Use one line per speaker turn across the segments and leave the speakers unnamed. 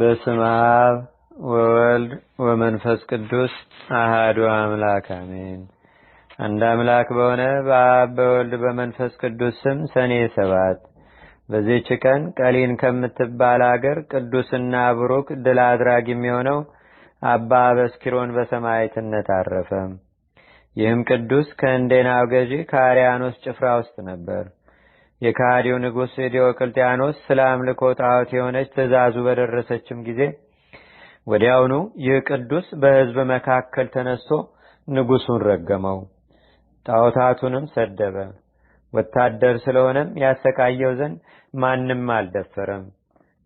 በስም አብ ወወልድ ወመንፈስ ቅዱስ አህዱ አምላክ አሜን። አንድ አምላክ በሆነ በአብ በወልድ በመንፈስ ቅዱስ ስም ሰኔ ሰባት በዚህች ቀን ቀሊን ከምትባል አገር ቅዱስና ብሩክ ድል አድራጊ የሚሆነው አባ በስኪሮን በሰማዕትነት አረፈ። ይህም ቅዱስ ከእንዴናው ገዢ ከአርያኖስ ጭፍራ ውስጥ ነበር። የካሃዲው ንጉሥ ዲዮቅልጥያኖስ ስለ አምልኮ ጣዖት የሆነች ትእዛዙ በደረሰችም ጊዜ ወዲያውኑ ይህ ቅዱስ በሕዝብ መካከል ተነስቶ ንጉሡን ረገመው፣ ጣዖታቱንም ሰደበ። ወታደር ስለሆነም ያሰቃየው ዘንድ ማንም አልደፈረም።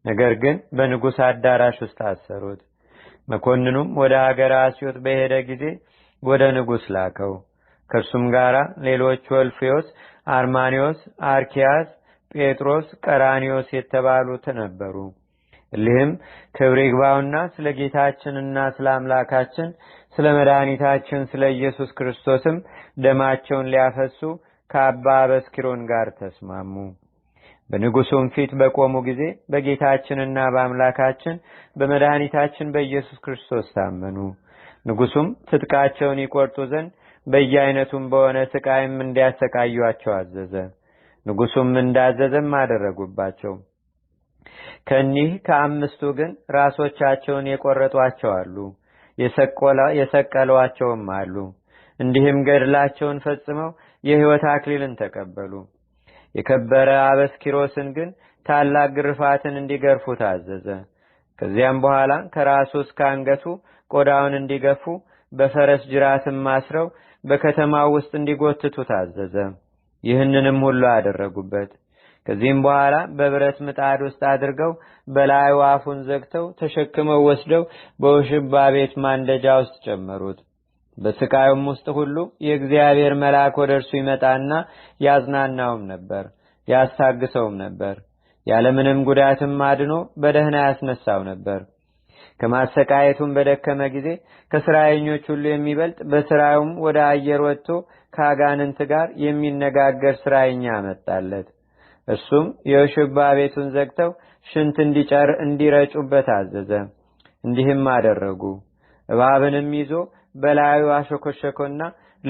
ነገር ግን በንጉሥ አዳራሽ ውስጥ አሰሩት። መኮንኑም ወደ አገር አስዮት በሄደ ጊዜ ወደ ንጉሥ ላከው። ከእርሱም ጋር ሌሎች ወልፍዮስ አርማኒዎስ፣ አርኪያስ፣ ጴጥሮስ፣ ቀራኒዎስ የተባሉት ነበሩ። እሊህም ክብር ይግባውና ስለ ጌታችንና ስለ አምላካችን ስለ መድኃኒታችን ስለ ኢየሱስ ክርስቶስም ደማቸውን ሊያፈሱ ከአባ በስኪሮን ጋር ተስማሙ። በንጉሱም ፊት በቆሙ ጊዜ በጌታችንና በአምላካችን በመድኃኒታችን በኢየሱስ ክርስቶስ ታመኑ። ንጉሱም ትጥቃቸውን ይቆርጡ ዘንድ በየአይነቱም በሆነ ስቃይም እንዲያሰቃዩአቸው አዘዘ። ንጉሱም እንዳዘዘም አደረጉባቸው። ከኒህ ከአምስቱ ግን ራሶቻቸውን የቆረጧቸው አሉ፣ የሰቀሏቸውም አሉ። እንዲህም ገድላቸውን ፈጽመው የሕይወት አክሊልን ተቀበሉ። የከበረ አበስኪሮስን ግን ታላቅ ግርፋትን እንዲገርፉ ታዘዘ። ከዚያም በኋላ ከራሱ እስከ አንገቱ ቆዳውን እንዲገፉ በፈረስ ጅራትም አስረው በከተማ ውስጥ እንዲጎትቱ ታዘዘ። ይህንንም ሁሉ አደረጉበት። ከዚህም በኋላ በብረት ምጣድ ውስጥ አድርገው በላዩ አፉን ዘግተው ተሸክመው ወስደው በውሽባ ቤት ማንደጃ ውስጥ ጨመሩት። በስቃዩም ውስጥ ሁሉ የእግዚአብሔር መልአክ ወደ እርሱ ይመጣና ያዝናናውም ነበር፣ ያስታግሰውም ነበር። ያለምንም ጉዳትም አድኖ በደህና ያስነሳው ነበር። ከማሰቃየቱም በደከመ ጊዜ ከስራየኞች ሁሉ የሚበልጥ በስራውም ወደ አየር ወጥቶ ከአጋንንት ጋር የሚነጋገር ስራየኛ አመጣለት። እሱም የውሽባ ቤቱን ዘግተው ሽንት እንዲጨር እንዲረጩበት አዘዘ። እንዲህም አደረጉ። እባብንም ይዞ በላዩ አሸኮሸኮና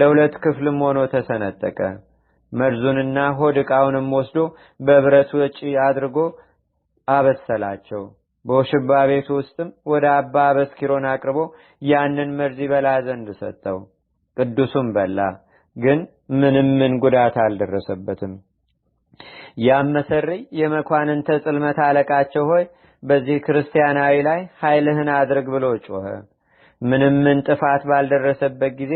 ለሁለት ክፍልም ሆኖ ተሰነጠቀ። መርዙንና ሆድ ዕቃውንም ወስዶ በብረት ወጪ አድርጎ አበሰላቸው። በውሽባ ቤት ውስጥም ወደ አባ በስኪሮን አቅርቦ ያንን መርዝ ይበላ ዘንድ ሰጠው። ቅዱሱም በላ፣ ግን ምንም ምን ጉዳት አልደረሰበትም። ያም መሰሪ የመኳንንተ ጽልመት አለቃቸው ሆይ በዚህ ክርስቲያናዊ ላይ ኃይልህን አድርግ ብሎ ጮኸ። ምንም ምን ጥፋት ባልደረሰበት ጊዜ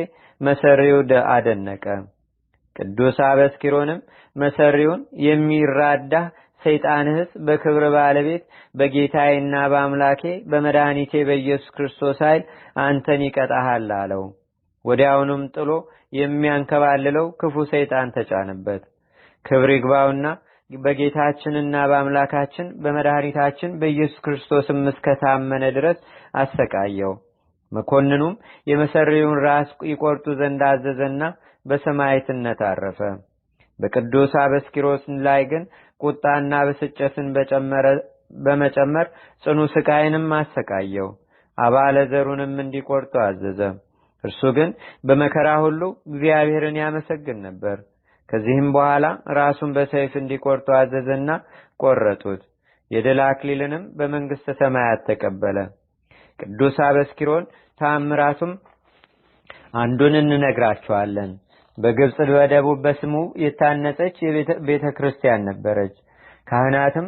መሰሪው አደነቀ። ቅዱስ አበስኪሮንም መሰሪውን የሚራዳ ሰይጣንህስ በክብር ባለቤት በጌታዬና በአምላኬ በመድኃኒቴ በኢየሱስ ክርስቶስ ኃይል አንተን ይቀጣሃል አለው። ወዲያውኑም ጥሎ የሚያንከባልለው ክፉ ሰይጣን ተጫነበት። ክብር ይግባውና በጌታችንና በአምላካችን በመድኃኒታችን በኢየሱስ ክርስቶስም እስከታመነ ድረስ አሰቃየው። መኮንኑም የመሰሪውን ራስ ይቆርጡ ዘንድ አዘዘና በሰማዕትነት አረፈ። በቅዱስ አበስኪሮስ ላይ ግን ቁጣና ብስጨትን በመጨመር ጽኑ ስቃይንም አሰቃየው። አባለ ዘሩንም እንዲቆርጡ አዘዘ። እርሱ ግን በመከራ ሁሉ እግዚአብሔርን ያመሰግን ነበር። ከዚህም በኋላ ራሱን በሰይፍ እንዲቆርጡ አዘዘና ቆረጡት። የድል አክሊልንም በመንግሥተ ሰማያት ተቀበለ። ቅዱስ አበስኪሮን ታምራቱም አንዱን እንነግራቸዋለን። በግብፅ በደቡብ በስሙ የታነጸች ቤተ ክርስቲያን ነበረች። ካህናትም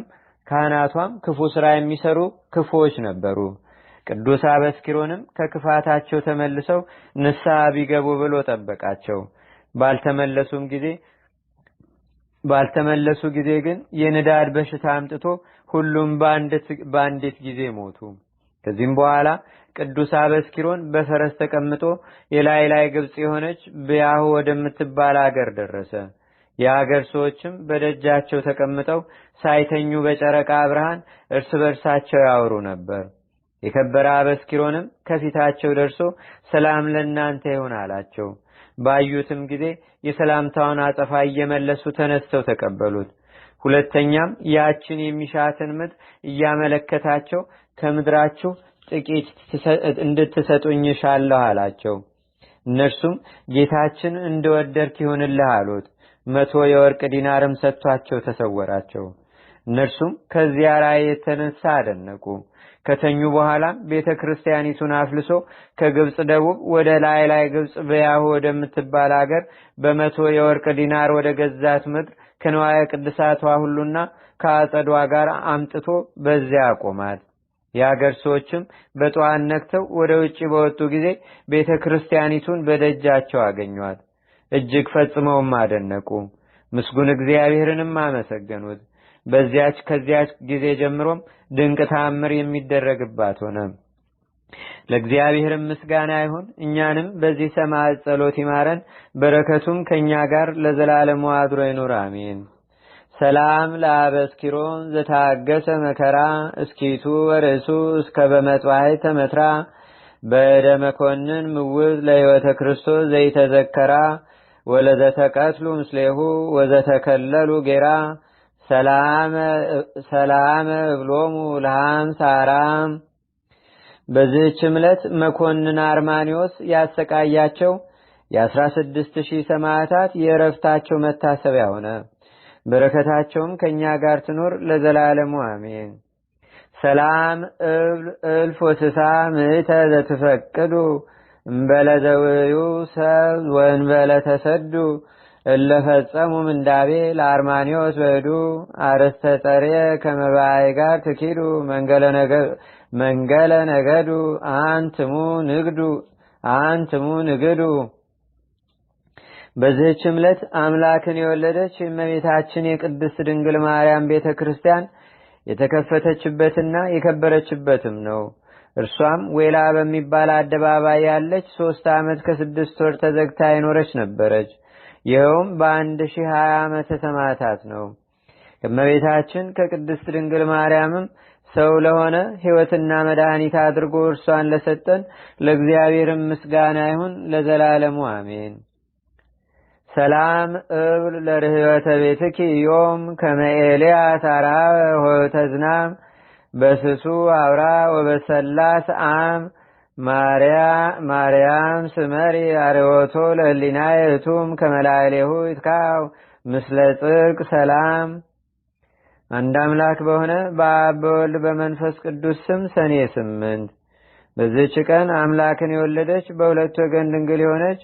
ካህናቷም ክፉ ሥራ የሚሰሩ ክፉዎች ነበሩ። ቅዱስ አበስኪሮንም ከክፋታቸው ተመልሰው ንስሐ ቢገቡ ብሎ ጠበቃቸው። ባልተመለሱም ጊዜ ባልተመለሱ ጊዜ ግን የንዳድ በሽታ አምጥቶ ሁሉም በአንዲት ጊዜ ሞቱ። ከዚህም በኋላ ቅዱስ አበስኪሮን በፈረስ ተቀምጦ የላይ ላይ ግብፅ የሆነች ብያሁ ወደምትባል አገር ደረሰ። የአገር ሰዎችም በደጃቸው ተቀምጠው ሳይተኙ በጨረቃ ብርሃን እርስ በርሳቸው ያወሩ ነበር። የከበረ አበስኪሮንም ከፊታቸው ደርሶ ሰላም ለእናንተ ይሁን አላቸው። ባዩትም ጊዜ የሰላምታውን አጸፋ እየመለሱ ተነስተው ተቀበሉት። ሁለተኛም ያችን የሚሻትን ምድር እያመለከታቸው ከምድራችሁ ጥቂት እንድትሰጡኝ እሻለሁ አላቸው። እነርሱም ጌታችን እንደወደድክ ይሁንልህ አሉት። መቶ የወርቅ ዲናርም ሰጥቷቸው ተሰወራቸው። እነርሱም ከዚያ ራእይ የተነሳ አደነቁ። ከተኙ በኋላም ቤተ ክርስቲያኒቱን አፍልሶ ከግብፅ ደቡብ ወደ ላይ ላይ ግብፅ በያሁ ወደምትባል አገር በመቶ የወርቅ ዲናር ወደ ገዛት ምድር ከንዋየ ቅድሳቷ ሁሉና ከአጸዷ ጋር አምጥቶ በዚያ አቆማት። የአገር ሰዎችም በጠዋን ነክተው ወደ ውጭ በወጡ ጊዜ ቤተ ክርስቲያኒቱን በደጃቸው አገኟት። እጅግ ፈጽመውም አደነቁ። ምስጉን እግዚአብሔርንም አመሰገኑት። በዚያች ከዚያች ጊዜ ጀምሮም ድንቅ ተአምር የሚደረግባት ሆነ። ለእግዚአብሔር ምስጋና ይሁን። እኛንም በዚህ ሰማዕት ጸሎት ይማረን፣ በረከቱም ከእኛ ጋር ለዘላለሙ አድሮ ይኑር። አሜን። ሰላም ለአበስኪሮም ዘታገሰ መከራ እስኪቱ ወርእሱ እስከ በመጥባሕት ተመትራ በደ መኮንን ምውዝ ለሕይወተ ክርስቶስ ዘይተዘከራ ወለዘተቀትሉ ምስሌሁ ወዘተከለሉ ጌራ ሰላመ እብሎሙ ለሃምሰ አራም። በዚህችም ዕለት መኮንን አርማኒዎስ ያሰቃያቸው የአስራ ስድስት ሺህ ሰማዕታት የእረፍታቸው መታሰቢያ ሆነ። በረከታቸውም ከእኛ ጋር ትኖር ለዘላለሙ አሜን። ሰላም እልፎ ስሳ ምእተ ዘትፈቅዱ እምበለ ዘውዩ ሰብ ወንበለ ተሰዱ እለፈጸሙ ምንዳቤ ለአርማኒዎስ በዱ አርስተ ጸርየ ከመባይ ጋር ትኪዱ መንገለ ነገዱ አንትሙ ንግዱ አንትሙ ንግዱ በዚህች ዕለት አምላክን የወለደች እመቤታችን የቅድስት ድንግል ማርያም ቤተ ክርስቲያን የተከፈተችበትና የከበረችበትም ነው። እርሷም ዌላ በሚባል አደባባይ ያለች ሦስት ዓመት ከስድስት ወር ተዘግታ የኖረች ነበረች። ይኸውም በአንድ ሺህ ሀያ ዓመተ ሰማዕታት ነው። ከእመቤታችን ከቅድስት ድንግል ማርያምም ሰው ለሆነ ሕይወትና መድኃኒት አድርጎ እርሷን ለሰጠን ለእግዚአብሔርም ምስጋና ይሁን ለዘላለሙ አሜን። ሰላም እብል ለርህወተ ቤትኪ ዮም ከመኤልያ ታራ ሆተዝናም በስሱ አብራ ወበሰላስ አም ማርያም ስመሪ አርወቶ ለህሊና የቱም ከመላሌሁ ይትካው ምስለ ጽድቅ ሰላም አንድ አምላክ በሆነ በአብ በወልድ በመንፈስ ቅዱስ ስም ሰኔ ስምንት በዚህች ቀን አምላክን የወለደች በሁለት ወገን ድንግል የሆነች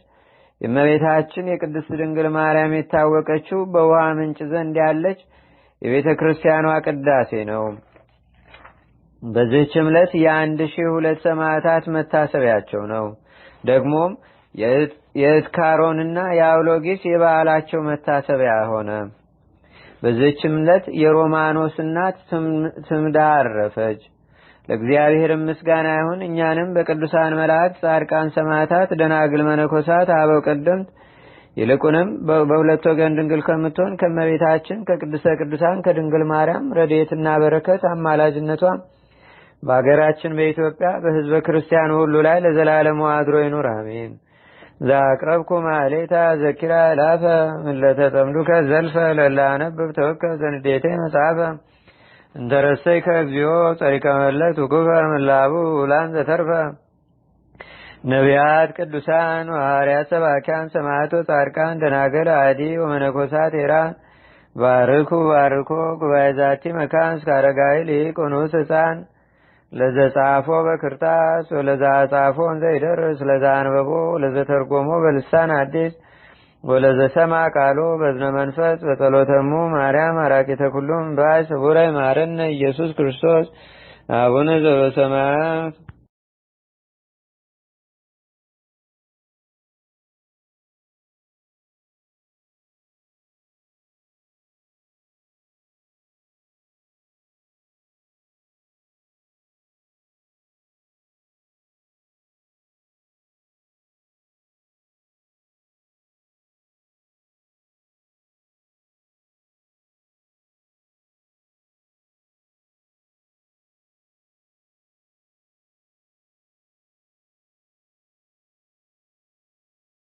የእመቤታችን የቅድስት ድንግል ማርያም የታወቀችው በውሃ ምንጭ ዘንድ ያለች የቤተ ክርስቲያኗ ቅዳሴ ነው። በዚህች ዕለት የአንድ ሺህ ሁለት ሰማዕታት መታሰቢያቸው ነው። ደግሞም የእትካሮንና የአውሎጊስ የበዓላቸው መታሰቢያ ሆነ። በዚህች ዕለት የሮማኖስ እናት ትምዳ አረፈች። ለእግዚአብሔር ምስጋና ይሁን። እኛንም በቅዱሳን መላእክት፣ ጻድቃን፣ ሰማዕታት፣ ደናግል፣ መነኮሳት፣ አበው ቀደምት ይልቁንም በሁለት ወገን ድንግል ከምትሆን ከመቤታችን ከቅድስተ ቅዱሳን ከድንግል ማርያም ረድኤትና በረከት አማላጅነቷ በአገራችን በኢትዮጵያ በሕዝበ ክርስቲያን ሁሉ ላይ ለዘላለሙ አድሮ ይኑር፣ አሜን። ዛቅረብኩ ማሌታ ዘኪራ ላፈ ምለተጠምዱከ ዘልፈ ለላነብብ ተወከብ ዘንዴቴ መጽሐፈ እንተረሰይከ እግዚኦ ጸሪቀ መለት ውክፈር ምላቡ ላን ዘተርፈ ነቢያት፣ ቅዱሳን፣ ሐዋርያት፣ ሰባኪያን፣ ሰማዕቶ፣ ጻድቃን፣ ደናገል፣ አዲ ወመነኮሳት ሄራ ባርኩ ባርኮ ጉባኤ ዛቲ መካን እስካረጋይ ሊቅ ኑስ ህፃን ጻፎ በክርታስ ወለዛ ጻፎ እንዘ ይደርስ ለዛ አንበቦ ለዘተርጎሞ በልሳን አዲስ ወለዘሰማ ቃሎ በዝነ መንፈስ በጸሎተሙ ማርያም አራቂ ተኩሉም ባይ ስቡረ ማረነ ኢየሱስ ክርስቶስ አቡነ ዘበሰማያት